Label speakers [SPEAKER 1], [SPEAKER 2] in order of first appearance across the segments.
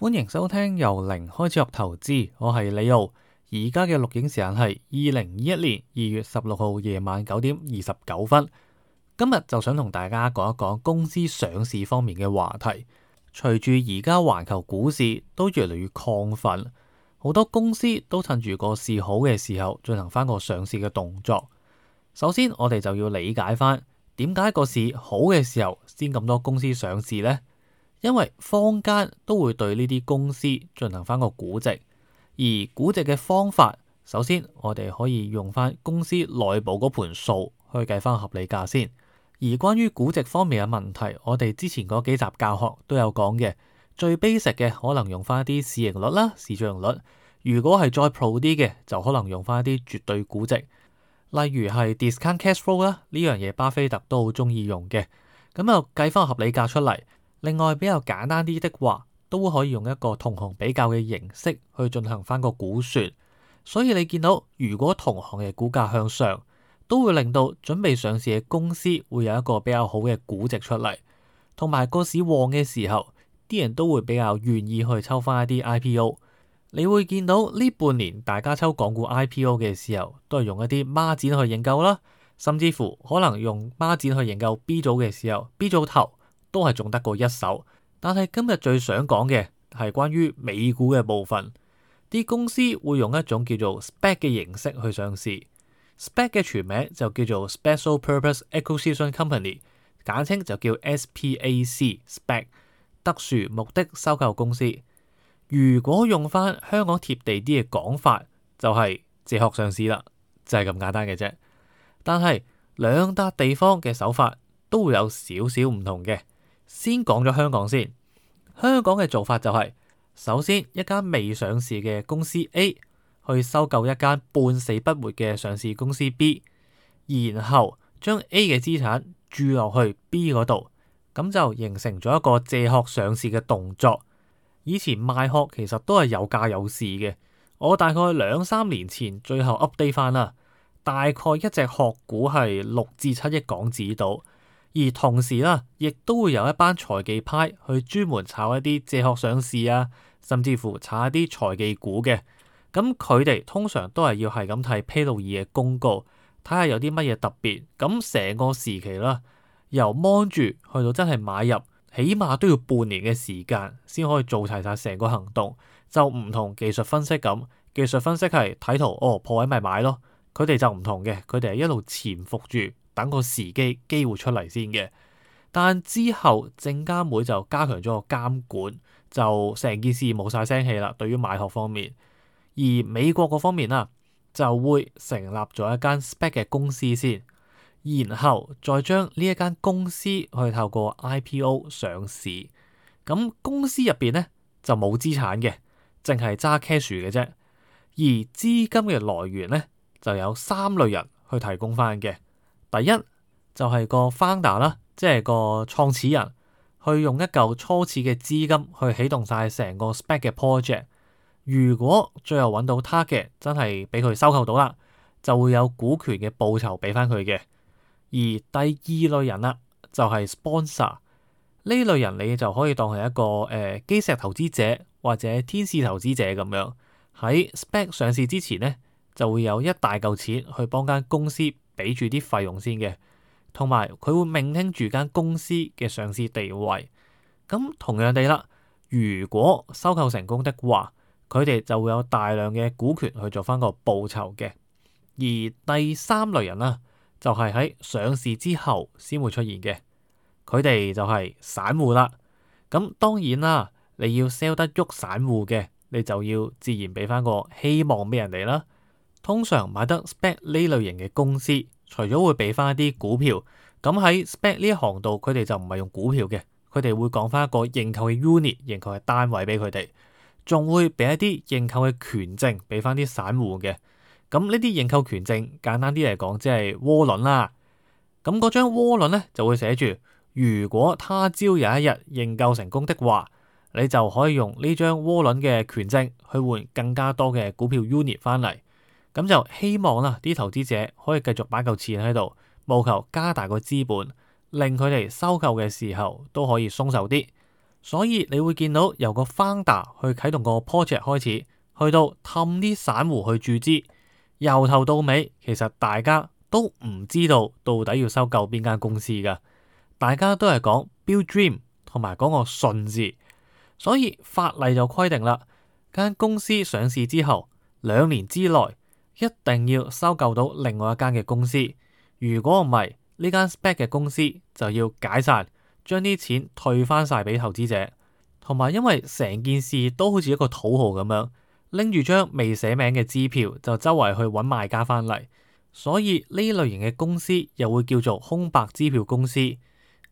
[SPEAKER 1] 歡迎收聽由零開始學投資，我係李奧。而家嘅錄影時間係二零二一年二月十六號夜晚九點二十九分。今日就想同大家講一講公司上市方面嘅話題。隨住而家環球股市都越嚟越亢奮，好多公司都趁住個市好嘅時候進行翻個上市嘅動作。首先，我哋就要理解翻點解個市好嘅時候先咁多公司上市呢？因為坊間都會對呢啲公司進行翻個估值，而估值嘅方法，首先我哋可以用翻公司內部嗰盤數去計翻合理價先。而關於估值方面嘅問題，我哋之前嗰幾集教學都有講嘅，最 basic 嘅可能用翻一啲市盈率啦、市賬率。如果係再 pro 啲嘅，就可能用翻一啲絕對估值，例如係 discount cash flow 啦，呢樣嘢巴菲特都好中意用嘅，咁又計翻合理價出嚟。另外比較簡單啲的話，都可以用一個同行比較嘅形式去進行翻個估算。所以你見到如果同行嘅股價向上，都會令到準備上市嘅公司會有一個比較好嘅估值出嚟。同埋個市旺嘅時候，啲人都會比較願意去抽翻一啲 IPO。你會見到呢半年大家抽港股 IPO 嘅時候，都係用一啲孖展去研究啦，甚至乎可能用孖展去研究 B 組嘅時候，B 組頭。都係仲得過一手，但係今日最想講嘅係關於美股嘅部分，啲公司會用一種叫做 SPAC 嘅形式去上市。SPAC 嘅全名就叫做 Special Purpose Acquisition Company，簡稱就叫 SPAC。SPAC 特殊目的收購公司。如果用返香港貼地啲嘅講法，就係借殼上市啦，就係、是、咁簡單嘅啫。但係兩笪地方嘅手法都會有少少唔同嘅。先講咗香港先，香港嘅做法就係，首先一間未上市嘅公司 A 去收購一間半死不活嘅上市公司 B，然後將 A 嘅資產注落去 B 嗰度，咁就形成咗一個借殼上市嘅動作。以前賣殼其實都係有價有市嘅，我大概兩三年前最後 update 翻啦，大概一隻殼股係六至七億港紙度。而同時啦，亦都會有一班財技派去專門炒一啲借殼上市啊，甚至乎炒一啲財技股嘅。咁佢哋通常都係要係咁睇披露易嘅公告，睇下有啲乜嘢特別。咁成個時期啦，由望住去到真係買入，起碼都要半年嘅時間先可以做齊晒成個行動。就唔同技術分析咁，技術分析係睇圖哦，破位咪買咯。佢哋就唔同嘅，佢哋係一路潛伏住。等個時機機會出嚟先嘅，但之後證監會就加強咗個監管，就成件事冇晒聲氣啦。對於買殼方面，而美國嗰方面啊，就會成立咗一間 SPAC 嘅公司先，然後再將呢一間公司去透過 IPO 上市。咁、嗯、公司入邊咧就冇資產嘅，淨係揸 cash 嘅啫。而資金嘅來源咧就有三類人去提供翻嘅。第一就係個 founder 啦，即係個創始人，去用一嚿初始嘅資金去啟動晒成個 SPAC 嘅 project。如果最後揾到 target 嘅，真係俾佢收購到啦，就會有股權嘅報酬俾翻佢嘅。而第二類人啦，就係 sponsor 呢類人，你就可以當係一個呃、基石投資者或者天使投資者咁樣，喺 SPAC 上市之前呢，就會有一大嚿錢去幫間公司，俾住啲費用先嘅，同埋佢會命聽住間公司嘅上市地位。咁同樣地啦，如果收購成功的話，佢哋就會有大量嘅股權去做翻個報酬嘅。而第三類人啦，就係、是、喺上市之後先會出現嘅，佢哋就係散戶啦。咁當然啦，你要 sell 得喐散戶嘅，你就要自然俾翻個希望俾人哋啦。通常買得 spec 呢類型嘅公司，除咗會俾翻一啲股票，咁喺 spec 呢一行度，佢哋就唔係用股票嘅，佢哋會講翻一個認購嘅 unit，認購嘅單位俾佢哋，仲會俾一啲認購嘅權證俾翻啲散戶嘅。咁呢啲認購權證，簡單啲嚟講，即係窩輪啦。咁嗰張窩輪咧就會寫住，如果他朝有一日認購成功的話，你就可以用呢張窩輪嘅權證去換更加多嘅股票 unit 翻嚟。咁就希望啦，啲投資者可以繼續擺夠錢喺度，務求加大個資本，令佢哋收購嘅時候都可以鬆手啲。所以你會見到由個 founder 去啟動個 project 開始，去到氹啲散戶去注資，由頭到尾其實大家都唔知道到底要收購邊間公司噶，大家都係講 build dream 同埋講個信字。所以法例就規定啦，間公司上市之後兩年之內。一定要收購到另外一間嘅公司，如果唔係呢間 SPAC 嘅公司就要解散，將啲錢退翻晒俾投資者，同埋因為成件事都好似一個土豪咁樣拎住張未寫名嘅支票，就周圍去揾賣家翻嚟，所以呢類型嘅公司又會叫做空白支票公司。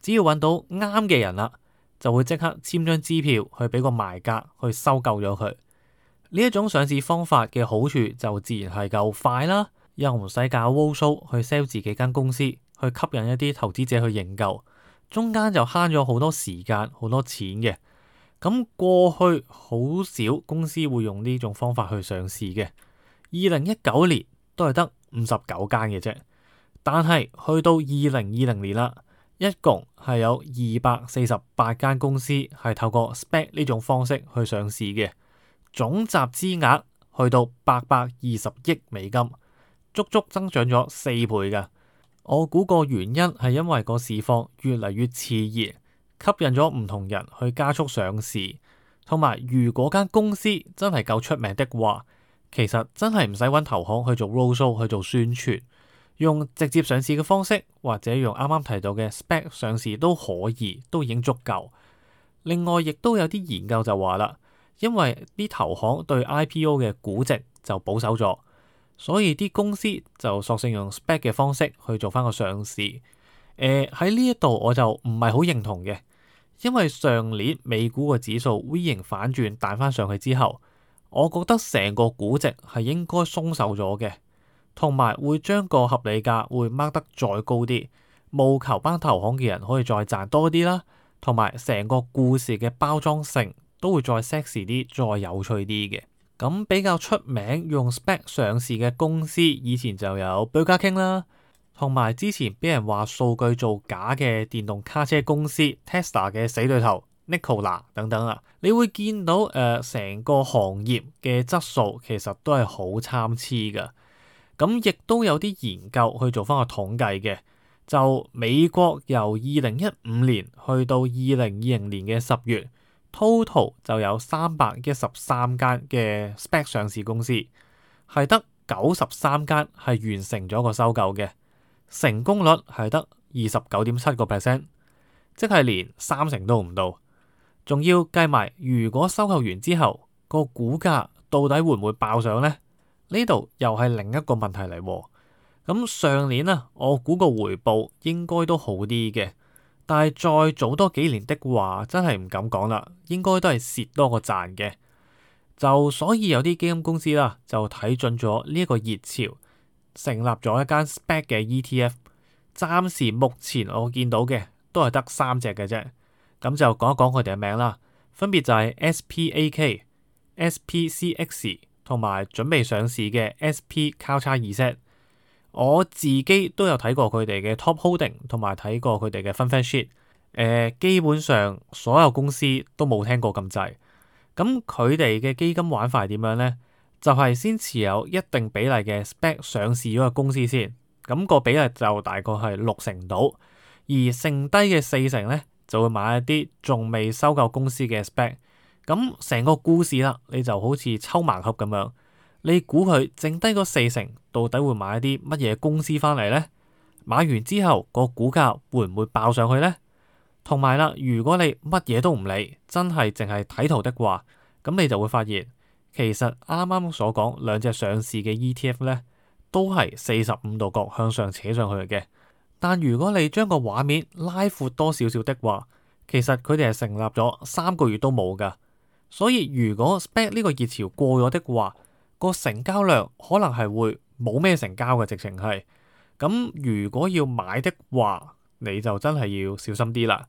[SPEAKER 1] 只要揾到啱嘅人啦，就會即刻簽張支票去俾個賣家去收購咗佢。呢一種上市方法嘅好處就自然係夠快啦，又唔使搞 road show 去 sell 自己間公司，去吸引一啲投資者去研究，中間就慳咗好多時間好多錢嘅。咁過去好少公司會用呢種方法去上市嘅，二零一九年都係得五十九間嘅啫。但係去到二零二零年啦，一共係有二百四十八間公司係透過 SPAC 呢種方式去上市嘅。總集資額去到八百二十億美金，足足增長咗四倍㗎。我估個原因係因為個市況越嚟越熾熱，吸引咗唔同人去加速上市，同埋如果間公司真係夠出名的話，其實真係唔使揾投行去做 roadshow 去做宣傳，用直接上市嘅方式或者用啱啱提到嘅 SPAC 上市都可以，都已經足夠。另外，亦都有啲研究就話啦。因為啲投行對 IPO 嘅估值就保守咗，所以啲公司就索性用 SPAC 嘅方式去做翻個上市。誒、呃，喺呢一度我就唔係好認同嘅，因為上年美股嘅指數 V 型反轉彈翻上去之後，我覺得成個估值係應該鬆手咗嘅，同埋會將個合理價會掹得再高啲，務求班投行嘅人可以再賺多啲啦，同埋成個故事嘅包裝性都會再 sexy 啲，再有趣啲嘅。咁比較出名用 SPAC 上市嘅公司，以前就有 Burger King 啦，同埋之前俾人話數據造假嘅電動卡車公司 Tesla 嘅死對頭 Nikola 等等啊。你會見到誒成、呃、個行業嘅質素其實都係好參差嘅。咁亦都有啲研究去做翻個統計嘅，就美國由二零一五年去到二零二零年嘅十月。Total 就有三百一十三間嘅 SPAC 上市公司，係得九十三間係完成咗個收購嘅，成功率係得二十九點七個 percent，即係連三成都唔到。仲要計埋如果收購完之後個股價到底會唔會爆上呢？呢度又係另一個問題嚟。咁上年啊，我估個回報應該都好啲嘅。但係再早多幾年的話，真係唔敢講啦，應該都係蝕多過賺嘅。就所以有啲基金公司啦，就睇準咗呢一個熱潮，成立咗一間 SPAC 嘅 ETF。暫時目前我見到嘅都係得三隻嘅啫，咁、嗯、就講一講佢哋嘅名啦。分別就係 SPAK、SPCX 同埋準備上市嘅 SPXZ。我自己都有睇過佢哋嘅 top holding，同埋睇過佢哋嘅 fund fact sheet 誒，基本上所有公司都冇聽過咁滯。咁佢哋嘅基金玩法係點樣呢？就係、是、先持有一定比例嘅 SPAC 上市咗嘅公司先，咁、那個比例就大概係六成到，而剩低嘅四成呢，就會買一啲仲未收購公司嘅 SPAC。咁成個故事啦，你就好似抽盲盒咁樣。你估佢剩低個四成，到底會買啲乜嘢公司翻嚟呢？買完之後，個股價會唔會爆上去呢？同埋啦，如果你乜嘢都唔理，真係淨係睇圖的話，咁你就會發現，其實啱啱所講兩隻上市嘅 ETF 咧，都係四十五度角向上扯上去嘅。但如果你將個畫面拉闊多少少的話，其實佢哋係成立咗三個月都冇噶。所以如果 SPAC 呢個熱潮過咗的話，個成交量可能係會冇咩成交嘅，直情係咁。如果要買的話，你就真係要小心啲啦。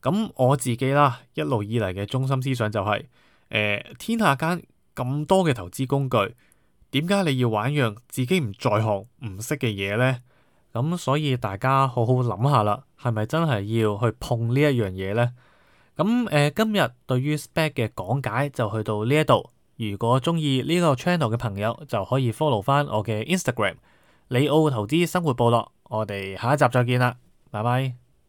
[SPEAKER 1] 咁、嗯、我自己啦，一路以嚟嘅中心思想就係、是：誒、呃、天下間咁多嘅投資工具，點解你要玩樣自己唔在行、唔識嘅嘢咧？咁、嗯、所以大家好好諗下啦，係咪真係要去碰一呢一樣嘢咧？咁、嗯、誒、呃，今日對於 SPAC 嘅講解就去到呢一度。如果鍾意呢個 channel 嘅朋友，就可以 follow 翻我嘅 Instagram 李奧投資生活部落。我哋下一集再見啦，拜拜！